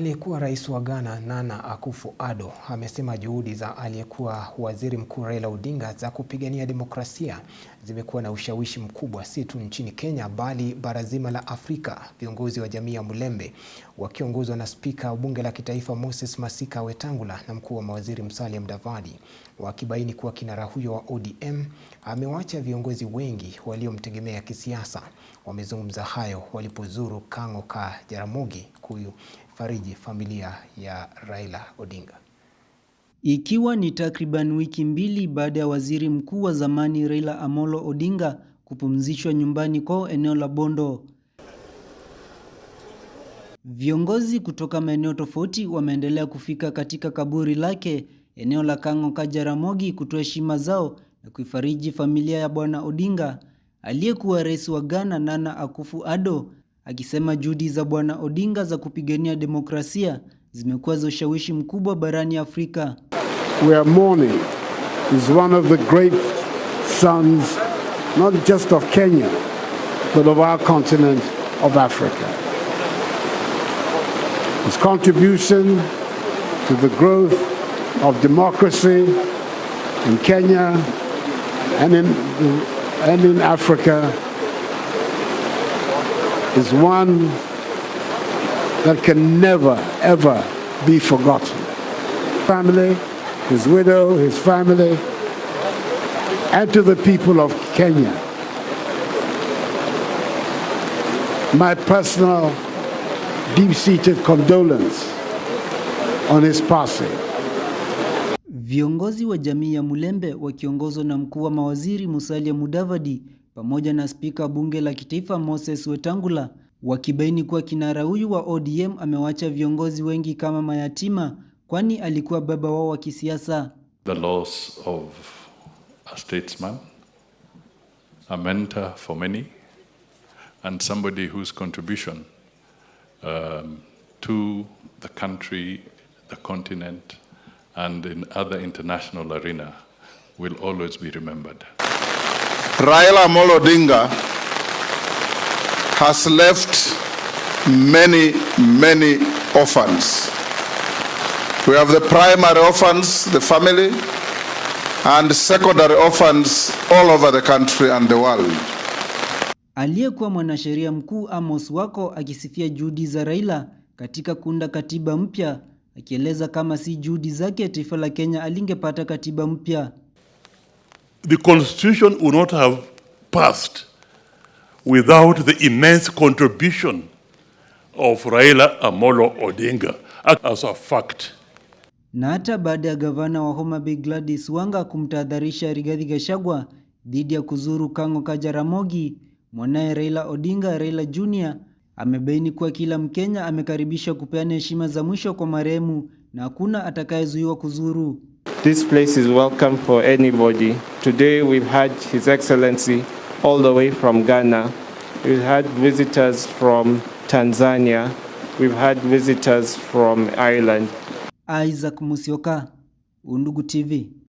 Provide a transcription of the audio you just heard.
Aliyekuwa rais wa Ghana Nana Akufo-Addo amesema juhudi za aliyekuwa waziri mkuu Raila Odinga za kupigania demokrasia zimekuwa na ushawishi mkubwa si tu nchini Kenya bali bara zima la Afrika. Viongozi wa jamii ya Mulembe wakiongozwa na spika wa bunge la kitaifa Moses Masika Wetangula na mkuu wa mawaziri Musalia Mudavadi wakibaini kuwa kinara huyo wa ODM amewacha viongozi wengi waliomtegemea kisiasa. Wamezungumza hayo walipozuru Kang'o ka Jaramogi kufariji familia ya Raila Odinga. Ikiwa ni takriban wiki mbili baada ya waziri mkuu wa zamani Raila Amolo Odinga kupumzishwa nyumbani kwao eneo la Bondo, viongozi kutoka maeneo tofauti wameendelea kufika katika kaburi lake eneo la Kang'o ka Jaramogi kutoa heshima zao na kuifariji familia ya Bwana Odinga. Aliyekuwa rais wa Ghana Nana akufu addo akisema juhudi za Bwana Odinga za kupigania demokrasia zimekuwa za ushawishi mkubwa barani Afrika. Where morning is one of the great sons not just of Kenya but of our continent of Africa. His contribution to the growth of democracy in Kenya and in, and in Africa is one that can never, ever be forgotten. Family, his widow, his family, and to the people of Kenya. My personal deep-seated condolence on his passing. Viongozi wa jamii ya Mulembe wakiongozwa na mkuu wa mawaziri Musalia Mudavadi pamoja na Spika Bunge la Kitaifa Moses Wetangula wakibaini kuwa kinara huyu wa ODM amewacha viongozi wengi kama mayatima kwani alikuwa baba wao wa kisiasa. The loss of a statesman, a mentor for many and somebody whose contribution um, to the country, the continent and in other international arena will always be remembered. Raila Amolo Odinga has left many, many orphans. We have the primary orphans, the family, and secondary orphans all over the country and the world. Aliyekuwa mwanasheria mkuu Amos Wako akisifia juhudi za Raila katika kuunda katiba mpya, akieleza kama si juhudi zake taifa la Kenya alingepata katiba mpya the constitution would not have passed without the immense contribution of Raila Amolo Odinga as a fact. Na hata baada ya gavana wa Homa Bay Gladys Wanga kumtahadharisha Rigathi Gachagua dhidi ya kuzuru Kang'o ka Jaramogi, mwanaye Raila Odinga, Raila Junior, amebaini kuwa kila Mkenya amekaribishwa kupeana heshima za mwisho kwa marehemu na hakuna atakayezuiwa kuzuru. This place is welcome for anybody. Today we've had His Excellency all the way from Ghana. We've had visitors from Tanzania. We've had visitors from Ireland. Isaac Musioka, Undugu TV.